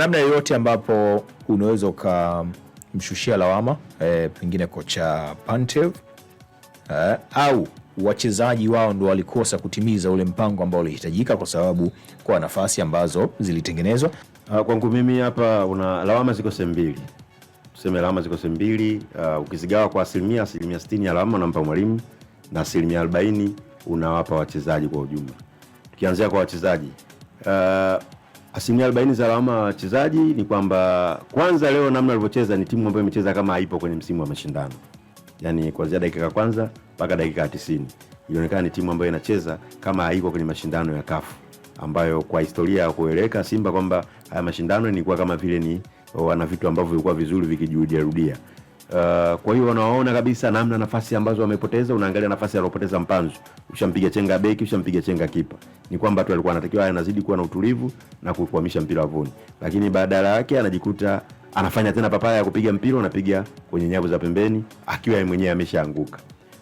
namna yoyote ambapo unaweza ukamshushia lawama e, pengine kocha Pantev e, au wachezaji wao ndo walikosa kutimiza ule mpango ambao ulihitajika, kwa sababu kwa nafasi ambazo zilitengenezwa. Ah, kwangu mimi hapa una lawama ziko sehemu mbili, tuseme lawama ziko sehemu mbili. Uh, ukizigawa kwa asilimia asilimia sitini ya lawama unampa mwalimu na asilimia arobaini unawapa wachezaji kwa ujumla. Tukianzia kwa wachezaji uh, Asilimia arobaini za lawama wa wachezaji ni kwamba kwanza, leo namna alivyocheza ni timu ambayo imecheza kama haipo kwenye msimu wa mashindano, yaani kuanzia dakika ya kwanza mpaka dakika ya tisini ilionekana ni timu ambayo inacheza kama haiko kwenye mashindano ya kafu ambayo kwa historia ya kueleka Simba kwamba haya mashindano ilikuwa kama vile ni wana vitu ambavyo vilikuwa vizuri vikijirudia rudia. Uh, kwa hiyo wanaona kabisa namna nafasi ambazo wamepoteza. Unaangalia nafasi aliyopoteza Mpanzu, ushampiga chenga beki, ushampiga chenga kipa ni kwamba tu alikuwa anatakiwa anazidi kuwa na utulivu na kukwamisha mpira wavuni, lakini badala yake anajikuta anafanya tena papaya ya kupiga mpira, anapiga kwenye nyavu za pembeni akiwa yeye mwenyewe ameshaanguka.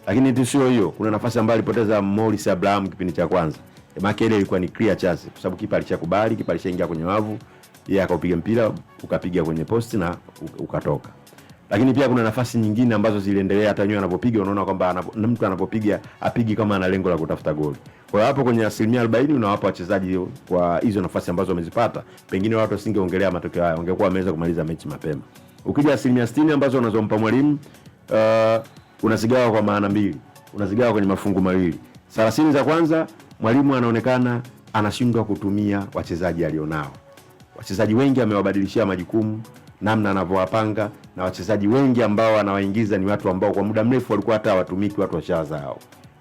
Lakini tu sio hiyo, kuna nafasi ambayo alipoteza Morris Abraham kipindi cha kwanza, maana ile ilikuwa ni clear chance, kwa sababu kipa alishakubali, kipa alishaingia kwenye wavu, yeye akaupiga mpira ukapiga kwenye posti na ukatoka lakini pia kuna nafasi nyingine ambazo ziliendelea. Hata wenyewe anapopiga unaona kwamba mtu anapopiga apigi kama ana lengo la kutafuta goli. Kwa hiyo hapo kwenye asilimia unawapa wachezaji kwa hizo nafasi ambazo wamezipata, pengine watu wasingeongelea matokeo haya, wangekuwa wameweza kumaliza mechi mapema. Ukija asilimia ambazo unazompa mwalimu uh, unazigawa kwa maana mbili, unazigawa kwenye mafungu mawili. 30 za kwanza mwalimu anaonekana anashindwa kutumia wachezaji alionao, wachezaji wengi amewabadilishia majukumu namna anavyowapanga na wachezaji wengi ambao anawaingiza ni watu ambao kwa muda mrefu walikuwa hata hawatumiki, watu wa washazaa hao.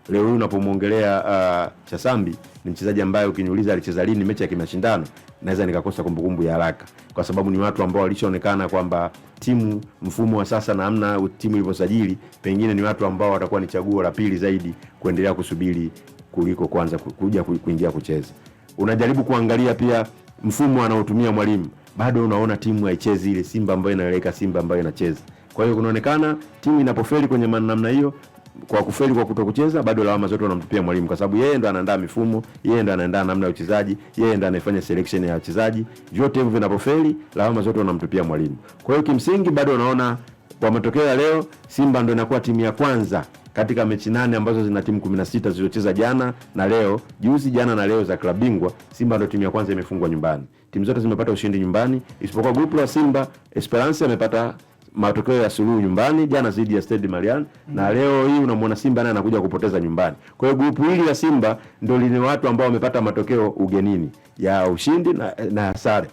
Leo hii unapomwongelea uh, Chasambi ni mchezaji ambaye ukiniuliza alicheza lini mechi ya kimashindano naweza nikakosa kumbukumbu ya haraka, kwa sababu ni watu ambao walishaonekana kwamba timu, mfumo wa sasa na namna timu ilivyosajili, pengine ni watu ambao watakuwa ni chaguo la pili zaidi kuendelea kusubiri kuliko kuanza kuja kuingia kucheza. Unajaribu kuangalia pia mfumo anaotumia mwalimu bado unaona timu haichezi ile Simba ambayo inaeleka Simba ambayo inacheza. Kwa hiyo kunaonekana timu inapofeli kwenye namna hiyo kwa kufeli kwa kutokucheza, bado lawama zote wanamtupia mwalimu, kwa sababu yeye ndo anaandaa mifumo, yeye ndo anaandaa namna ya uchezaji, yeye ndo anafanya selection ya wachezaji. Vyote hivyo vinapofeli, lawama zote wanamtupia mwalimu. Kwa hiyo kimsingi, bado unaona kwa matokeo ya leo, Simba ndo inakuwa timu ya kwanza katika mechi nane ambazo zina timu 16 zilizocheza jana na leo, juzi jana na leo za klabu bingwa, Simba ndio timu ya kwanza imefungwa nyumbani. Timu zote zimepata ushindi nyumbani isipokuwa grupu la Simba. Esperance amepata matokeo ya suluhu nyumbani jana zidi ya Stade Malien mm. na leo hii unamwona Simba naye anakuja kupoteza nyumbani. Kwa hiyo grupu hili la Simba ndio lina watu ambao wamepata matokeo ugenini ya ushindi na, na hasara.